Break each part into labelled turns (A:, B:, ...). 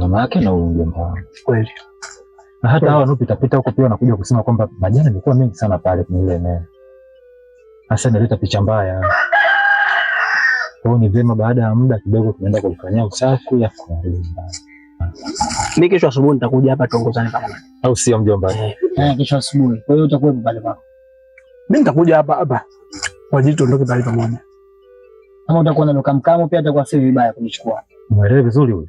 A: na mama yake na huyu mjomba wao. Kweli. Na hata hawa wanapita pita huko pia wanakuja kusema kwamba majani yalikuwa mengi sana pale kwenye ile eneo. Hasa inaleta picha mbaya. Kwa hiyo ni vyema baada ya muda kidogo tunaenda kulifanyia usafi afu tunalinda. Mimi kesho asubuhi nitakuja hapa tuongozane kama nani. Au sio mjomba? Eh, eh kesho asubuhi. Kwa hiyo utakuwa pale pako. Mimi nitakuja hapa hapa. Kwa ajili tuondoke pale pamoja. Kama utakuwa na mkamkamo pia itakuwa si vibaya kunichukua. Mwelewe vizuri huyo.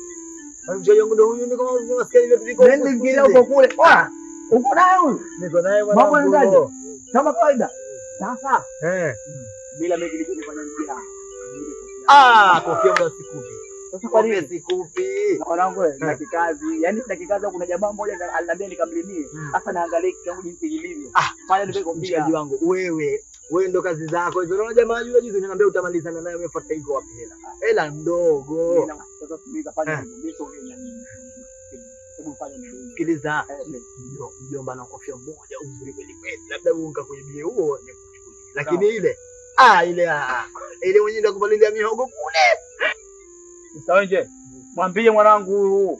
A: Nikiingia huko kule, uko naye huyu? Niko naye bwana. Mambo yanaendaje? Kama kawaida. Sasa eh, bila mengi nikifanya nini hapa? Ah, kofia muda sikupi. Sasa kwa nini sikupi? Mwanangu na eh. kikazi, yaani na kikazi, kuna jamaa mmoja aliniambia nikamlimie. Hmm. Sasa naangalia kitu jinsi kilivyo. Ah, pale ndio nikombia. Mchaji wangu wewe wewe ndo kazi zako hizo. Unaona jamaa yule juzi niambia utamalizana naye, umefuata hivyo wapi hela? Hela ndogo. Eh. Sikiliza eh, eh. mjomba, na kofia moja uzuri kweli kweli, labda unga kwenye bie huo lakini ile ah, ile ah, ah. ile mwenye ndo kupalilia mihogo kule. Msawenje, mwambie mwanangu huyu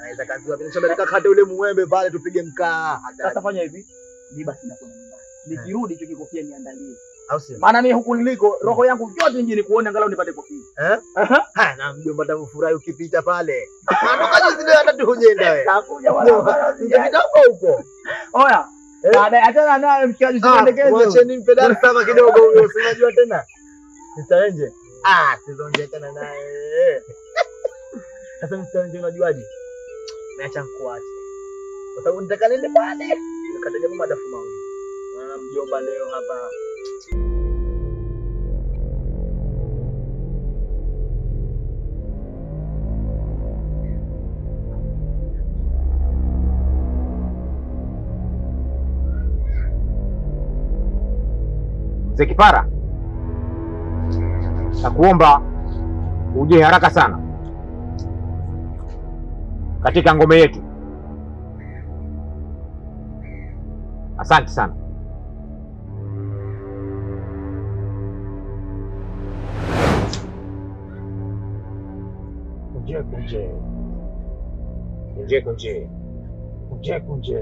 A: anaweza ah, kazi wapi? Nishabika kata ule muembe pale tupige mkaa. Sasa fanya hivi, ni basi nakwenda nikirudi hicho kikofia niandalie, maana mimi huku niliko hmm. roho yangu yote nje ni nikuone angalau nipate kofia eh. Ha, na mjomba ndio furahi ukipita pale hata wewe. Takuja wala. huko. Oya, Baada eh? baadaye achana naye mshikaji, sipendekeze ah, wacheni mpedali sama kidogo, huyo usijua tena nitaenje. Ah, tuzonge tena naye sasa. Mtaenje, unajuaje? Naacha nikuache kwa sababu nitakalele nende Nikataja mama dafu mawili mjomba leo hapa. zekipara na nakuomba uje haraka sana katika ngome yetu. Asante sana. kunje kunje kunje kunje kunje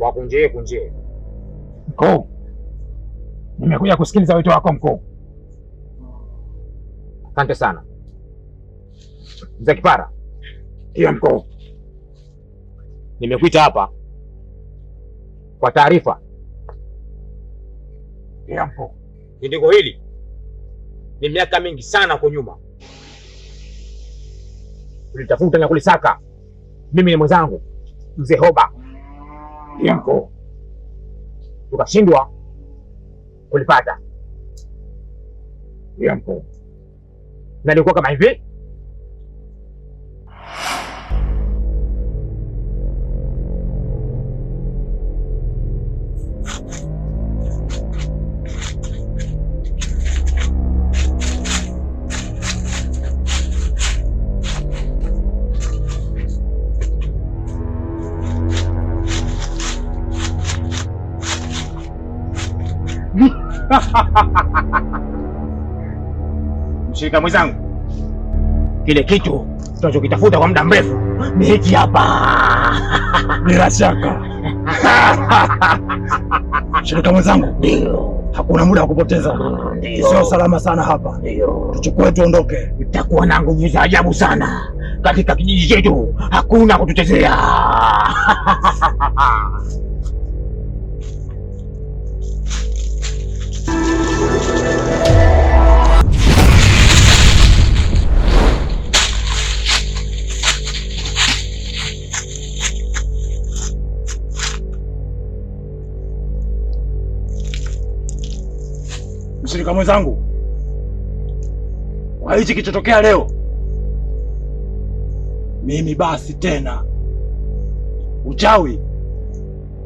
A: wakunje kunje. Mkuu, nimekuja kusikiliza wito wako mkuu. Asante sana mzee Kipara. Ndiyo mkuu, nimekuita hapa kwa taarifa. Ndiyo mkuu, indiko hili ni miaka mingi sana huko nyuma kulitafuta na kulisaka mimi na mwenzangu mzee Hoba yako tukashindwa kulipata yako, na nalikuwa kama hivi Mshirika mwenzangu, kile kitu tunachokitafuta kwa muda mrefu ni hiki hapa. Bila shaka mshirika mwenzangu, ndio hakuna muda wa kupoteza, sio salama sana hapa, tuchukue tuondoke. Itakuwa na nguvu za ajabu sana katika kijiji chetu, hakuna kutuchezea. mshirika mwenzangu, kwa hichi kichotokea leo, mimi basi tena uchawi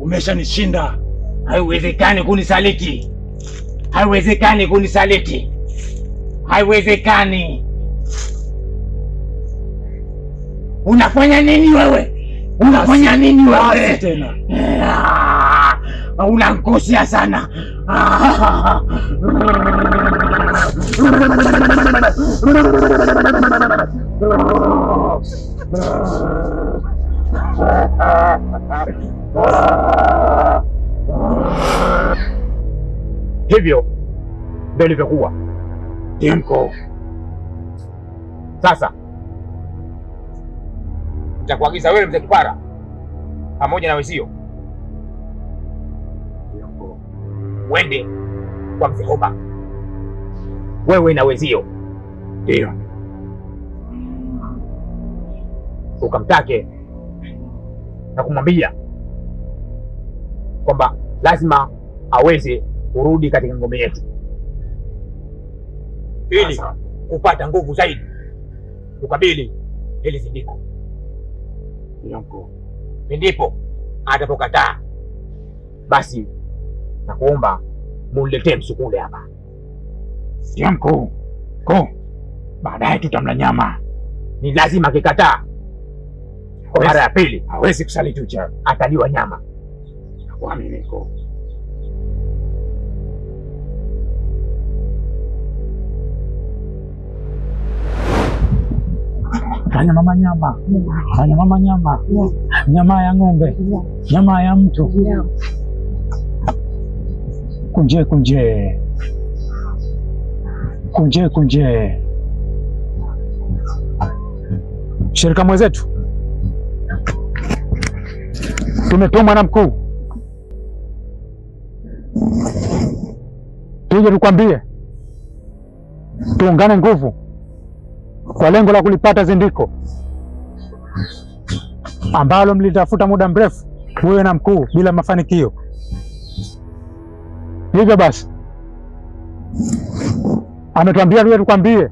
A: umeshanishinda. Haiwezekani kunisaliti, haiwezekani kunisaliti, haiwezekani. Unafanya nini wewe? Unafanya nini wewe? Basi tena unankosea sana. Hivyo ndio ilivyokuwa Tinko. Sasa nitakuagiza wewe mzee Kipara pamoja na wezio mwende kwa mzee Hoba, wewe na wenzio, ndio ukamtake na kumwambia kwamba lazima aweze kurudi katika ngome yetu ili kupata nguvu zaidi kukabili hili zindiko Ndipo atapokataa basi na kuomba muniletee msukule hapa. Sio mkuu, ko baadaye tutamla nyama. Ni lazima akikataa kwa mara ya pili hawezi kusaliti uchawi, ataliwa nyama. Nakuamini mkuu. Fanya mama nyama, fanya mama nyama, nyama ya ng'ombe, nyama ya mtu kunje kunje kunje kunje, shirika mwenzetu, tumetumwa na mkuu tuje tukwambie tuungane nguvu kwa lengo la kulipata zindiko ambalo mlitafuta muda mrefu wewe na mkuu bila mafanikio. Hivyo basi ametuambia tuwe tukwambie,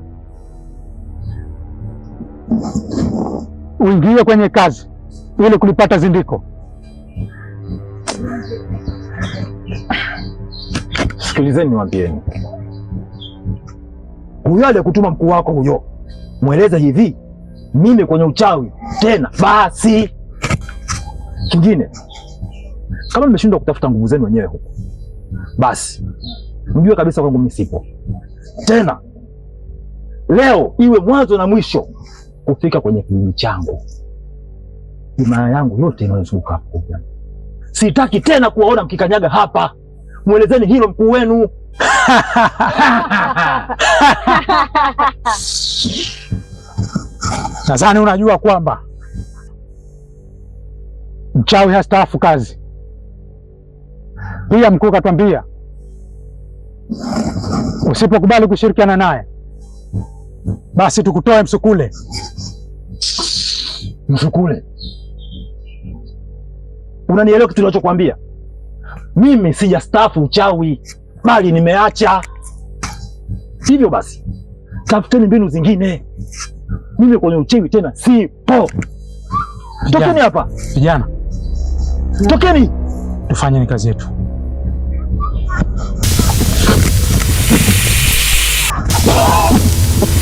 A: uingie kwenye kazi ili kulipata zindiko. Sikilizeni niwambieni, huyo aliyekutuma mkuu wako huyo, mweleze hivi, mimi kwenye uchawi tena basi. Kingine, kama mmeshindwa kutafuta nguvu zenu wenyewe huko basi mjue kabisa kwangu mimi sipo tena. Leo iwe mwanzo na mwisho kufika kwenye kijiji changu, imana yangu yote inayozunguka hapo. Sitaki tena kuwaona mkikanyaga hapa. Mwelezeni hilo mkuu wenu. Nadhani unajua kwamba mchawi hastaafu kazi. Pia mkuu katwambia usipokubali kushirikiana naye basi tukutoe msukule, msukule. Unanielewa kitu nachokwambia Mimi sijastaafu uchawi, bali nimeacha. Hivyo basi, tafuteni mbinu zingine. Mimi kwenye uchawi tena sipo. Tokeni hapa vijana, tokeni, tufanyeni kazi yetu.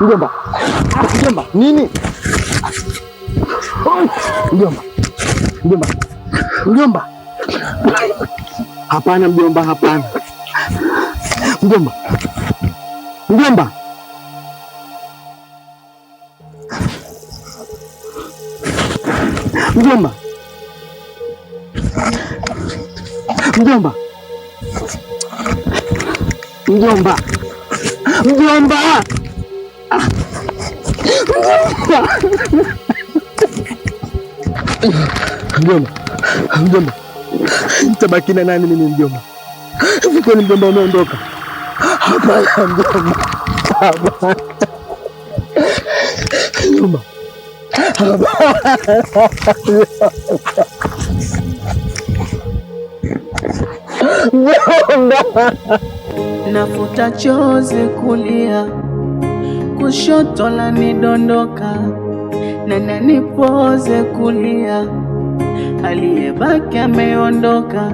A: Mjomba. Mjomba. Nini? Mjomba. Mjomba. Mjomba. Hapana mjomba, hapana. Mjomba. Mjomba. Mjomba. Mjomba. Mjomba. Mjomba. Mjomba, mjomba, mjomba, nitabaki na nani mimi mjomba? Hivi kwani mjomba umeondoka? Hapana mjomba, mjomba, mjomba, nafuta chozi kulia kushoto la nidondoka na nanipoze kulia, aliyebaki ameondoka,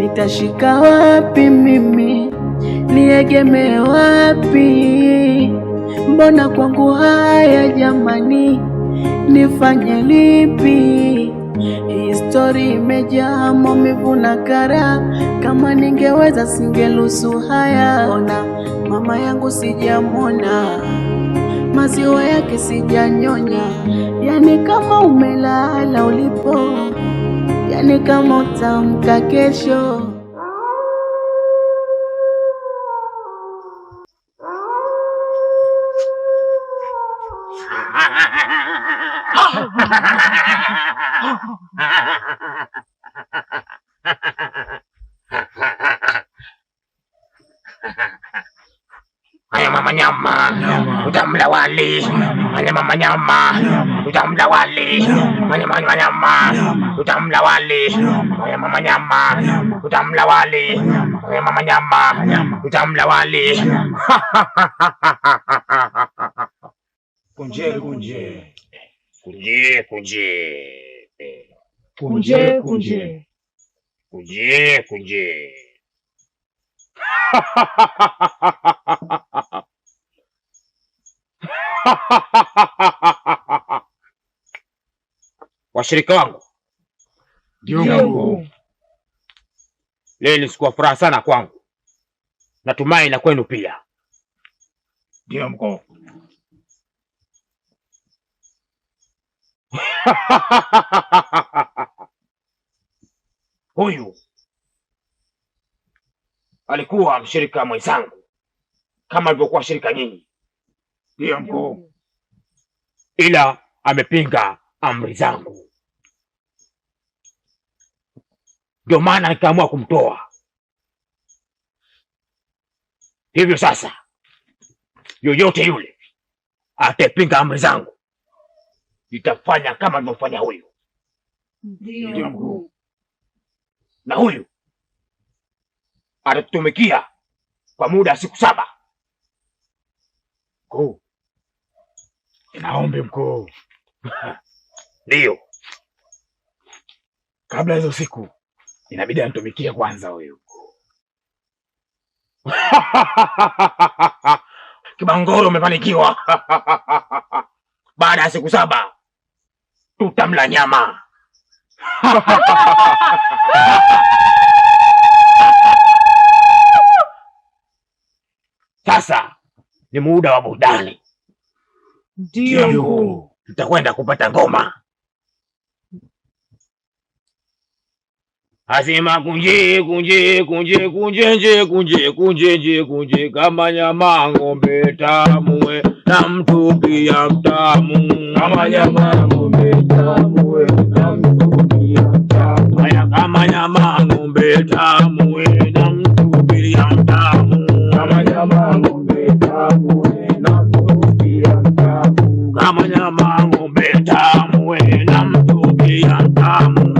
A: nitashika wapi mimi? niegeme wapi? Mbona kwangu haya jamani, nifanye lipi? Histori imejaa maumivu na kara, kama ningeweza singelusu haya. Ona mama yangu sijamwona, maziwa yake sijanyonya. Yani kama umelala ulipo, yani kama utamka kesho wali wanyama manyama, tutamdawali wanyama manyama, tutamdawali wanyama manyama, tutamdawali wanyama manyama, tutamdawali. Kunje kunje kunje kunje kunje kunje kunje kunje Washirika wangu, Jungu, leo ni siku ya furaha sana kwangu, natumai na kwenu pia. Ndio mko Huyu alikuwa mshirika mwenzangu kama alivyokuwa shirika nyinyi ndiyo mkuu, ila amepinga amri zangu, ndio maana nikaamua kumtoa. Hivyo sasa, yoyote yule atapinga amri zangu nitafanya kama nilivyofanya huyu, ndiyo mkuu, na huyu atatumikia kwa muda wa siku saba mkuu. Naombi mkuu. Ndio, kabla hizo siku inabidi anitumikie kwanza huyu Kibangoro, umefanikiwa. Baada ya siku saba tutamla nyama. Sasa ni muda wa burudani. Ndio tutakwenda kupata ngoma. Asema kunje kunje kunje kunje nje kunje kunje nje kunje kama nyama ng'ombe tamu na mtu pia mtamu kama nyama ng'ombe tamu na mtu pia mtamu kama nyama ng'ombe tamu ng'ombe tamu, we na mtubia mtamu,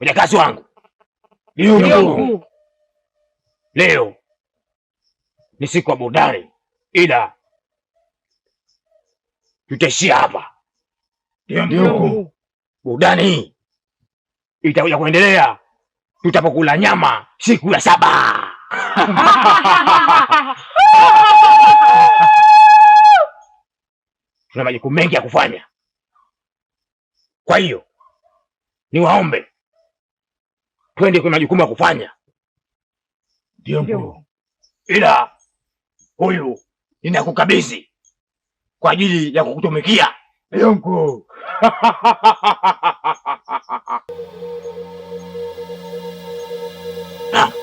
A: Mjakazi wangu, ndio ni siku ya burudani, ila tutaishia hapa. Ndio burudani itakuja kuendelea tutapokula nyama siku ya saba. Tuna majukumu mengi ya kufanya, kwa hiyo niwaombe twende kwenye majukumu ya kufanya, ndio ila huyu ninakukabidhi kwa ajili ya kukutumikia Yonko.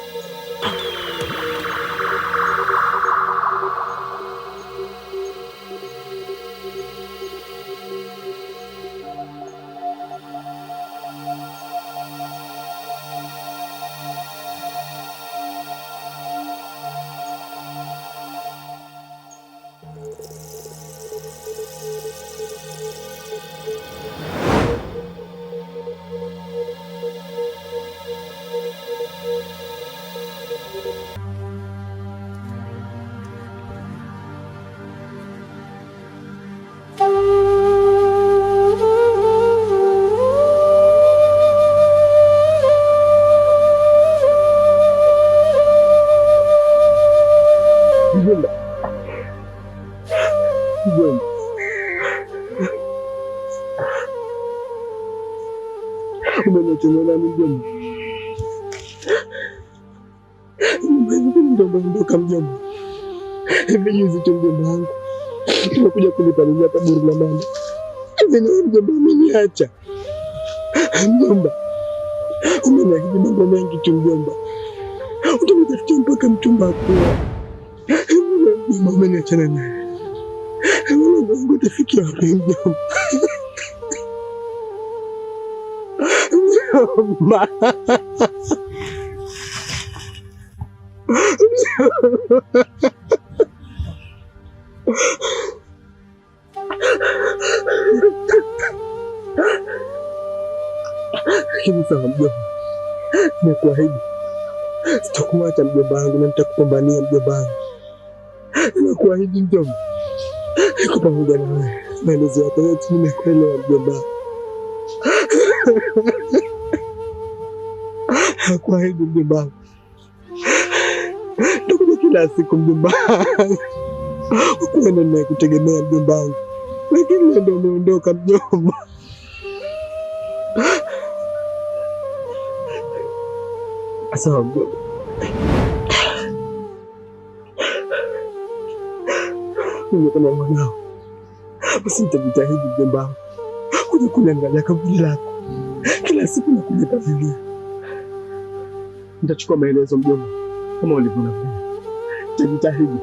A: hizi mjomba wangu nakuja kunipalilia kaburi la mama. Mjomba ameniacha ah, mjomba, umeniahidi mambo mengi tu mjomba, utakuja mpaka mchumba akuoa. Mjomba umeniachana naye, wangu utafikia wapi mjomba? Mjomba mjomba, nakuahidi sitakuacha mjomba wangu, na nitakupambania mjomba wangu, nakuahidi mjomba, niko pamoja na wewe, maelezo yako yote nimekuelewa mjomba, nakuahidi mjomba nitakuja kila siku mjomba wangu, ukuwa mjomba wangu, lakini ndio umeondoka mjomba sababu kama mwanao, basi nitajitahidi mjomba, kuja kuliangalia kaburi lako kila siku na kulitadhilia. Nitachukua maelezo mjomba, kama ulivyoniambia, nitajitahidi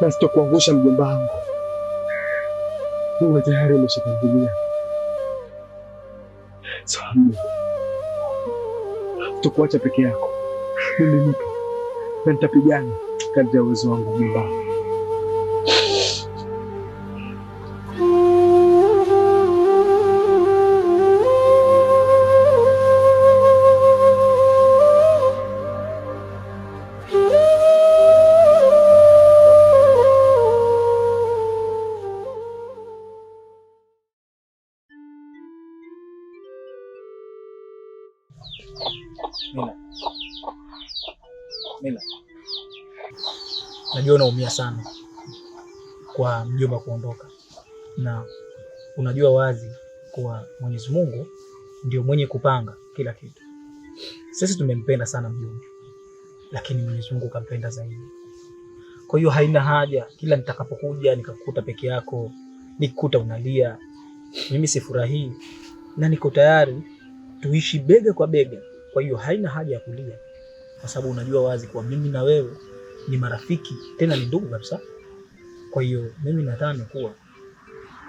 A: na sitokuangusha mjomba wangu. Mungu tayari ameshatangulia. Sawa sitokuacha peke yako. Mimi nipo na nitapigana kadri ya uwezo wangu Mungu. unajua unaumia sana kwa mjomba kuondoka, na unajua wazi kuwa Mwenyezi Mungu ndio mwenye kupanga kila kitu. Sisi tumempenda sana mjomba, lakini Mwenyezi Mungu kampenda zaidi. Kwa hiyo haina haja kila nitakapokuja nikakuta peke yako, nikuta unalia, mimi sifurahii, na niko tayari tuishi bega kwa bega. Kwa hiyo haina haja ya kulia, kwa sababu unajua wazi kuwa mimi na wewe ni marafiki tena ni ndugu kabisa. Kwa hiyo mimi nadhani kuwa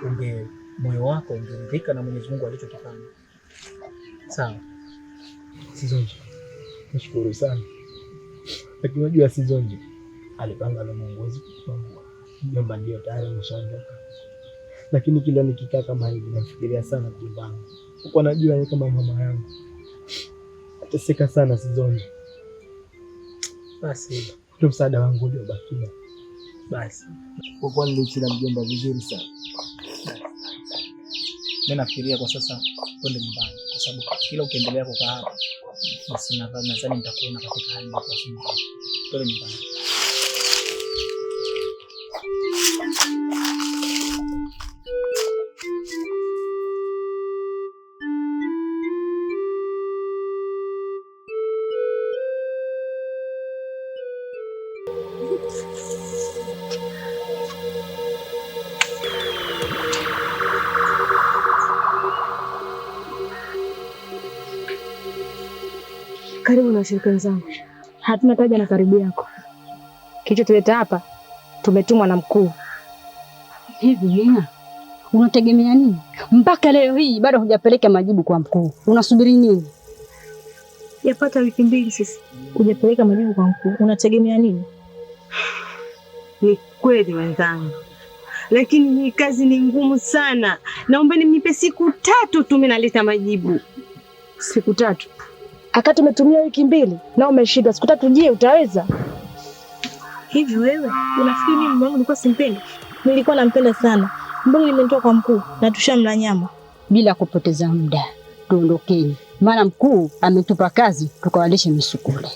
A: unge moyo wako ungeridhika na Mwenyezi Mungu alichokifanya. Sawa Sizonje, nashukuru sana lakini unajua Sizonje alipanga na Mungu hawezi kutuangua. Nyumba ndio tayari ameshaondoka, lakini kila nikikaa kama hivi nafikiria sana kumbana huko, najua yeye kama mama yangu ateseka sana Sizonje. Basi ndio msaada wangu uliobakia. Basi kwa kuwa nilichila mjomba vizuri sana, mimi nafikiria kwa sasa kwenda nyumbani, kwa sababu kila ukiendelea kukaa hapa basi nadhani nitakuona katika hali ya kusumbua. Twende nyumbani. Karibu na washirika wenzangu, hatuna taja na karibu yako. Kilichotuleta hapa, tumetumwa na mkuu. Hivi Mina, unategemea nini? Mpaka leo hii bado hujapeleka majibu kwa mkuu, unasubiri nini? Yapata wiki mbili sisi hujapeleka majibu kwa mkuu, unategemea nini? Ni kweli wenzangu, lakini hii kazi ni ngumu sana. Naombeni mnipe siku tatu tu, mimi naleta majibu. Siku tatu akati umetumia wiki mbili na umeshindwa siku tatu. Je, utaweza hivi? Wewe unafikiri mimi mwangu nilikuwa simpendi? Nilikuwa nampenda sana. Mbona nimetoka kwa mkuu na tushamla nyama. Bila kupoteza muda, tuondokeni, maana mkuu ametupa kazi tukawalishe misukule.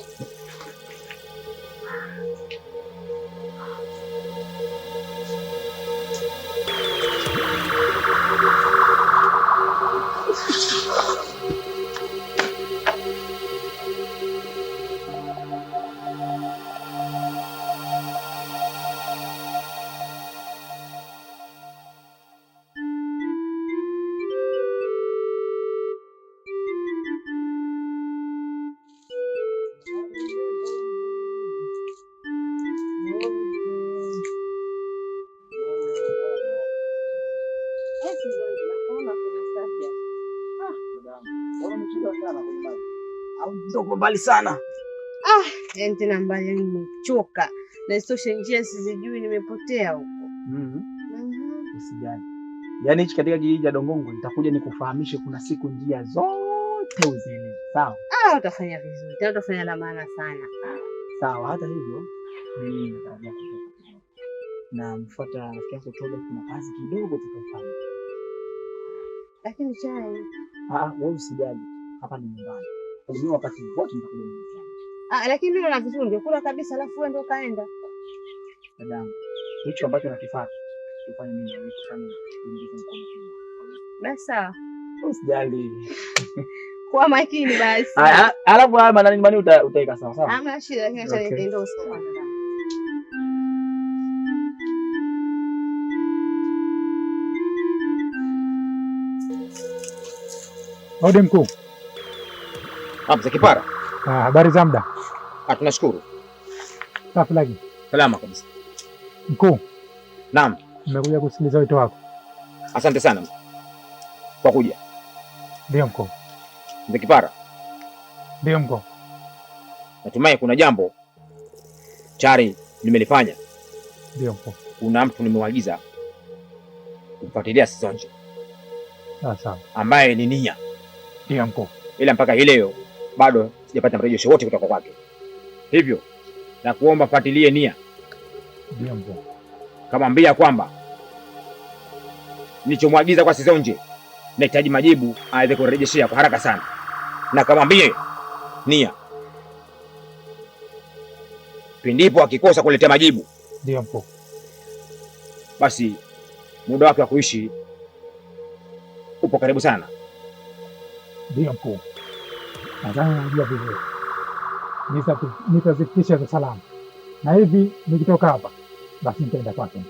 A: Uko mbali sana. Ah, yani tena mbali, yaani nimechoka na isitoshe njia sizijui, nimepotea huko. mm mm Usijali, yaani hichi katika kijiji cha Dongongo nitakuja nikufahamishe, kuna siku njia zote uzini. Sawa? Ah, utafanya vizuri tena, utafanya la maana sana. Sawa, hata hivyo mimi nitakuja na mfuata rafiki yako Toba, kuna kazi kidogo tutafanya. lakini chai. Ah, wewe usijali, hapa ni nyumbani wakati wote nitakuja. Ah, lakini mimi la vizuri ungekula kabisa, alafu wewe ndio kaenda. Dadangu, hicho ambacho nakifata tufanye mimi na wewe sana, tuingize mkono. Basi sawa. Usijali. Kwa makini basi. Alafu haya manani nyumbani utaweka sawa sawa. Hamna shida, lakini acha nitende usiku. Aude mkuu. Hamza Kipara. Ah, habari za muda? Ah, tunashukuru. Safi lagi. Salama kabisa. Mkuu. Naam. Nimekuja kusikiliza wito wako. Asante sana kwa kuja. Ndio mkuu. Hamza Kipara. Ndio mkuu. Natumai kuna jambo chari nimelifanya. Ndio mkuu. Kuna mtu nimemwagiza kumfuatilia Sisonje. Sawa ah, sawa. Ambaye ni Nia. Ndio mkuu. Ila mpaka hii leo bado sijapata mrejesho wote kutoka kwake, hivyo na kuomba fatilie nia kamwambia kwamba nilichomwagiza kwa Sizonje nahitaji majibu aweze kurejeshea kwa haraka sana, na kamwambie nia pindipo akikosa kuletea majibu, ndio basi muda wake wa kuishi upo karibu sana. Ndio nadhani najua vizuri. Nitazifikisha za salama, na hivi nikitoka hapa basi nitaenda kwake.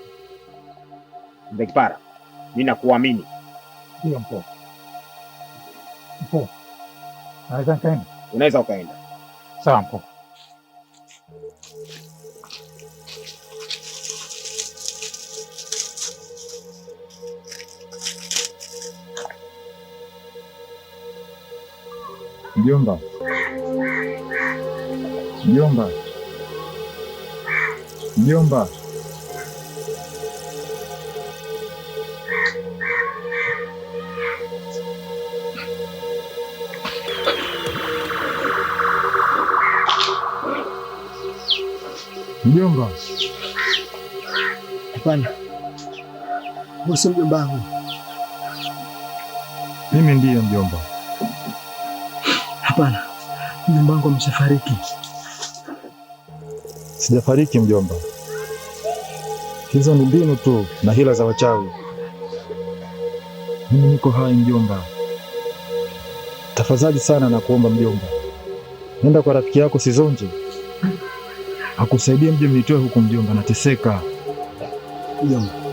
A: Mzee Kipara, mimi nakuamini. Ndio mpo mpo, naweza nikaenda. Unaweza ukaenda. Sawa mpoo. Mjomba, mjomba, mjomba, mjomba. Hapana, sio mjomba mimi, ndiye mjomba. Hapana, mjomba wangu ameshafariki. Sijafariki mjomba, hizo ni mbinu tu na hila za wachawi. Mimi niko hai mjomba, tafadhali sana na kuomba mjomba, nenda kwa rafiki yako Sizonje akusaidie mje mnitoe huku mjomba, nateseka mjomba.